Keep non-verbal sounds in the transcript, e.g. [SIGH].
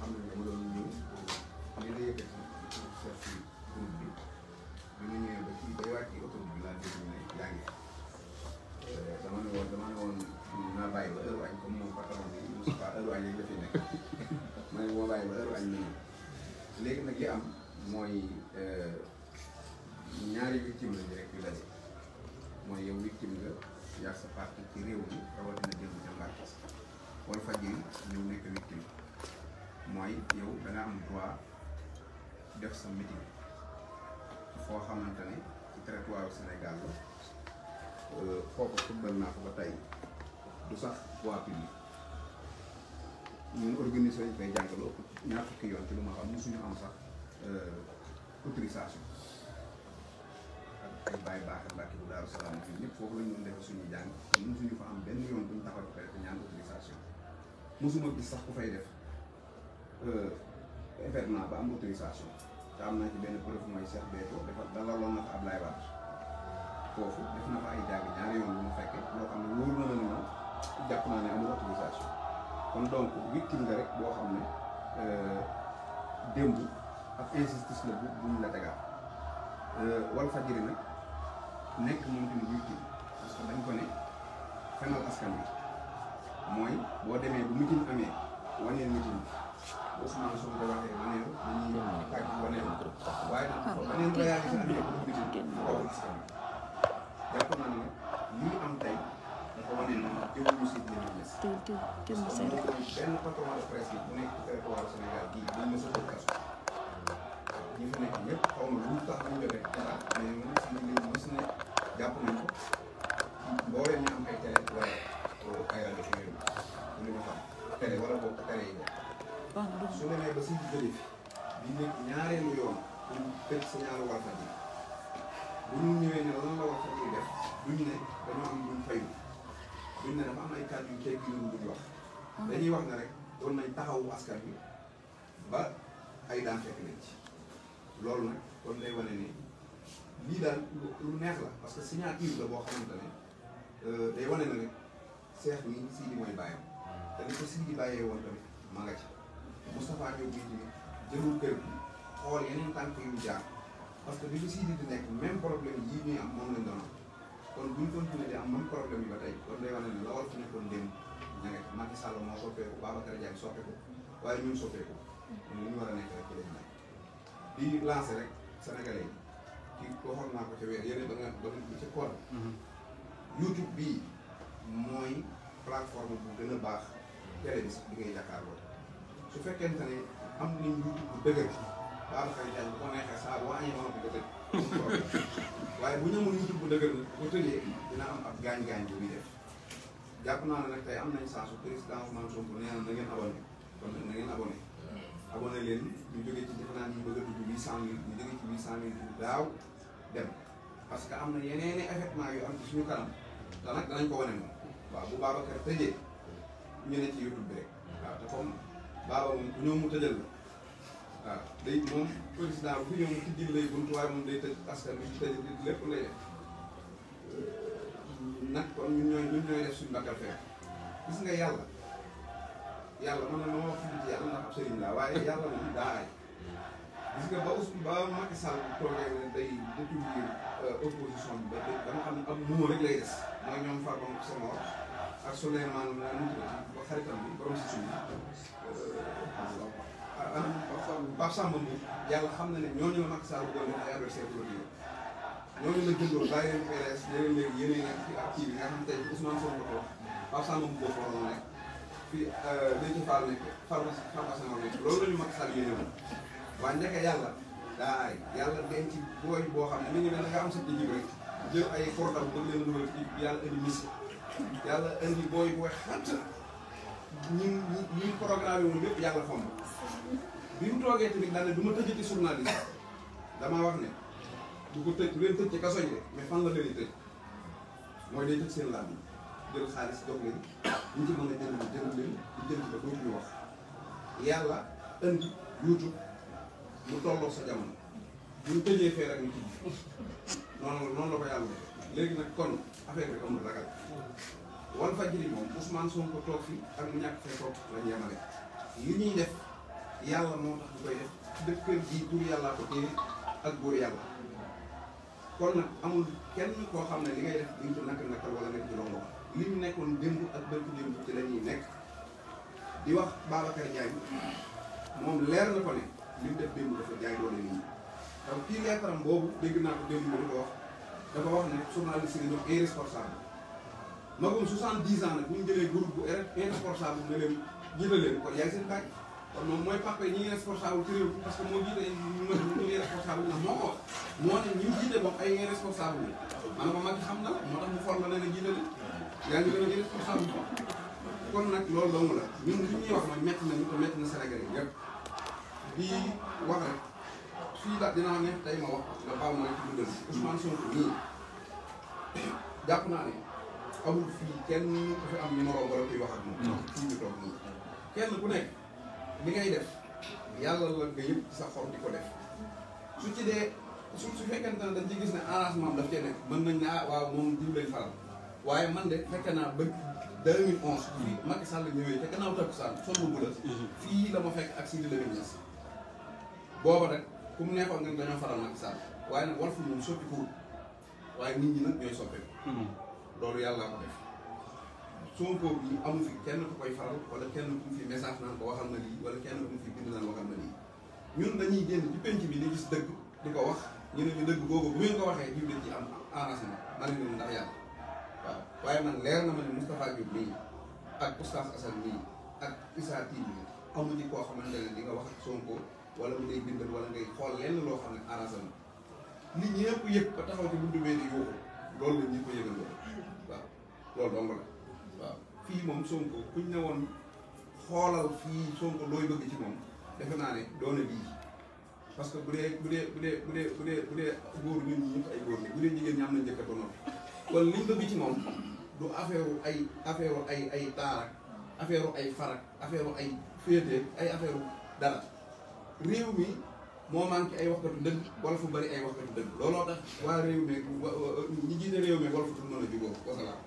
xam ne dama doon ñëw ñu ngi yëkkati seet si groupe bi bi ñu ñëwee ba fii bay wàcc autoroute bi laa dégg ñu yaa ngi euh, dama ne woon dama moom patron bi [LAUGHS] léegi nag li am mooy euh, ñaari victime lañu rek yu daje mooy yow victime nga yaa sa parti ci réew mi rawatina jëm jàmbaar parce que wala faj yi ñëw nekk victime mooy yow da nga am droit def sa meeting foo xamante ne ci territoire yu Sénégal la euh, foofu football naa ko ba tey du sax voie publique ñun organisé ñu koy jàngal ëpp ñaar fukki yoon ci lu ma xam mosuñu am sax euh, autorisation ak bàyyi baax ak mbàkki bu daaru salaam ñun ñëpp foofu lañ doon defee suñuy jàng kon mosuñu fa am benn yoon buñ taxaw ci koy ñaan autorisation mosuma gis sax ku fay def événement euh, ba am autorisation te am naa ci benn preuve mooy Cheikh Béthio dafa dalaloon na fa Ablaye Wade foofu def na fa ay jàng ñaari yoon bu mu fekkee loo xam ne wóor na la ne moom jàpp naa ne amul autorisation kon donc victime nga rek boo xam ne euh, démb ak injustice la bu buñ la tegaat euh, Walfadjri nag nekk moom tamit victime parce que dañ ko ne fenal askan bi mooy boo demee bu mitin amee waneel mitin Ousmane Sonko waxee leneen ñu ngi tàgg leneen waaye nag beneen réalité am yëpp bu biti boobu askan bi jàpp naa ne li ñu am tey dafa wane ne jëwuñu si dina ñu des benn patron de presse bu nekk ci territoire Sénégal gii dañ ma sa tëj kaso ñi fa nekk ñëpp xaw ma lu tax ñu jotee dara mais mu si li gis ne jàpp nañ ko mbooleem ñu am ay télé wala ay rajo yooyu ñu xam télé wala bokk télé yi su demee ba suñ jóge fi di nekk ñaareelu yoon pour tëj signaalu Walfadjri bu ñu ñëwee ne lan la Walfadjri def duñ ne dañoo am duñ ne dafa am ay kàddu yu duñ wax dañuy wax ne rek doon nañ askan bi ba ay daan fekk nañ ci loolu nag kon day wane ne lii daal lu neex la parce que signature la boo xamante ne euh, day wane na rek seex mi Sidi mooy bàyyam mm. te ni ko Sidi bàyyee woon tamit ma Moustapha Diop bi ñëwee jëlul kër gi xool yeneen tànk yu mu jaar parce que bi ñu siy di nekk même problème yii ñuy am moom lañ doon kon bu ñu continué di am même problème yi ba tey kon day wane ne la war waaye ñun soppeeku a nekk rek ci lañ nekk di lancé rek sénégalais yi. ki naa ko ca weer yéen ba nga ba nga ca koor mhm. YouTube bii mooy plateforme bu gën a baax télé bi sax bi ngay jàkkaarloo su fekkente ne am nañ lu dëgër Babacar Diagne bu ko neexee saa boo añee mën waaye bu ñu amul ñu bu dëgër bu tëjee dina am ab gaañ-gaañ bu muy def jàpp naa ne nag tey am nañ saa su président Ousmane Sonko nee na na ngeen abonné kon na ngeen abonné abonné leen ñu jógee ci defe naa ñu bëgg a dugg huit cent mille ñu dem parce que am na yeneeni effectivement yu am ci suñu kanam te nag danañ ko wane moom waaw bu Babacar tëjee ñu ne ci YouTube bi rek baaba moom ku mu tëjal la waaw day moom président bu ñëw mu tijjil lay buntu waaye moom day tëj askan bi di tëj nag kon ñun ñooy ñun ñooy def suñu bakkal fee gis nga yàlla yàlla man na ma wax fii ci yàlla ndax ab waaye yàlla moom daa aay gis nga ba Ousmane ba Macky Sall toogee ne day détruire euh, opposition dama xam ne rek lay des mooy ñoom Farba sama wax ak Souleymane la nu ba xaritam bi borom si suñu an euh, Pape Samba Mbour yàlla xam na ne ñooñu la Macky Sall doon ay adversaire politique ñooñu la jëndoon bàyyi leen PDS ñeneen léegi yéen nekk ci ak kii bi nga xam tey Ousmane Sonko ko wax Pape Samba Mbour ko waroon nekk fii euh, dañu faal nekk pharmacie pharmacie nga nekk loolu la ñu Macky Sall yéene woon waaye ndeke yàlla daa aay yàlla denc booy boo xam ne mi ngi mel ne nga am sa jiw rek jël ay xortam bëgg leen dugal fii yàlla indi mis yàlla indi booy booy xant ñi ñi ñi programme woon yëpp yàlla fomb bi mu toogee tamit daal ne du ma tëjati journaliste damaa wax ne du ko tëj leen tëj ci kaso yi mais fan la leen tëj mooy day tëj seen laaj jël xaalis jox leen ñu ci mën a jënd jënd leen di jënd ba dootu wax yàlla indi youtube mu tolloo sa jamono bu ñu tëjee fee rek ñu ci noonu noonu la ko yàlla léegi nag kon affaire bi amul ragal wal fajiri moom Ousmane Sonko toog fi ak mu ñàkk fee toog lañ yemale li ñuy def yàlla moo tax ñu koy def dëkkal ji tur yàllaa ko téye ak góor yàlla kon nag amul kenn koo xam ne li ngay def duñ ko nakk nakkal li ñu nekkoon démb ak bërki démb ci la ñuy nekk di wax Babacar Ndiaye moom leer na ko ne li def démb dafa jaay doole nit ñi. donc kii leetaram boobu dégg naa ko démb bi di ko wax. dafa wax ne journaliste yi ñoom irresponsable magum 70 ans nag bu ñu jëlee groupe bu irresponsable ne leen yëgal leen kon yaay seen bàyyi kon moom que moo jiite ñu ñu ngi responsable jiite bopp ay irresponsable yi maanaam ma mag xam na moo tax mu for la ne la jiite la yaa ngi leen irresponsable bi kon nag loolu dong la ñun li ñuy wax mooy métti na ñu ko métti na Sénégalais yëpp di wax rek suñu daal dinaa ne tey ma wax nga baal ma ci lu gën Ousmane Sonko nii [COUGHS] jàpp naa ne amul fii kenn ku am numéro wala kuy wax ak kenn ku nekk li ngay def yàlla la nga yëpp di ko def su ci dee su su fekkente ne dañ ci gis ne arrangement daf cee nekk mën nañ ne ah, waaw moom diw lañ faral man de fekk naa bëgg 2011. fii Macky Sall ñëwee te gannaaw takkusaan sonn bu la. Mhm. fii fekk ak Sidi Lamine Niass booba rek. ku mu nekkoon nga dañoo faral Macky Sall waaye nag Walf moom soppi ko waaye nit ñi nag ñooy soppeeku. Hmm. loolu yàlla ko def. Sonko bi amu fi kenn ku koy faral wala kenn ku fi message naan ko waxal na lii wala kenn ku fi na lii ñun dañuy génn ci penc di ko wax ñu ne ñu dëgg googu bu ngeen ko waxee ñu dañ ci am arrangement ma ne leen waaye man na ma ne Moustapha Diop mii ak Oustaz Issa Tine mii amu ci koo xamante ne di nga wax ak wala mu ngay bindal wala ngay xool lenn loo xam a arrangé na nit yëpp yëg ba taxaw ci buntu bee di yuuxu loolu la ñu ko yëgal waaw loolu dong la waaw fii moom Sonko kuñ ne woon xoolal fii Sonko looy bëgg ci moom defe naa ne doone bii parce que bu dee bu dee bu dee bu dee bu dee bu dee góor ñun ñëpp ay góor ñi bu dee jigéen ñi am na njëkk ba noppi kon liñ bëgg ci moom du affaire ay affaire ay ay taarak affaire ay farak affaire ay féete ay affaire dara réew mi moo manqué ay waxkatu dëgg wala fu bari ay waxkatu dëgg looloo tax waa réew mi ñi jiite réew mi wala fu mën a jubóo wasalaam